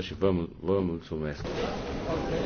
și vă, vă mulțumesc. Okay.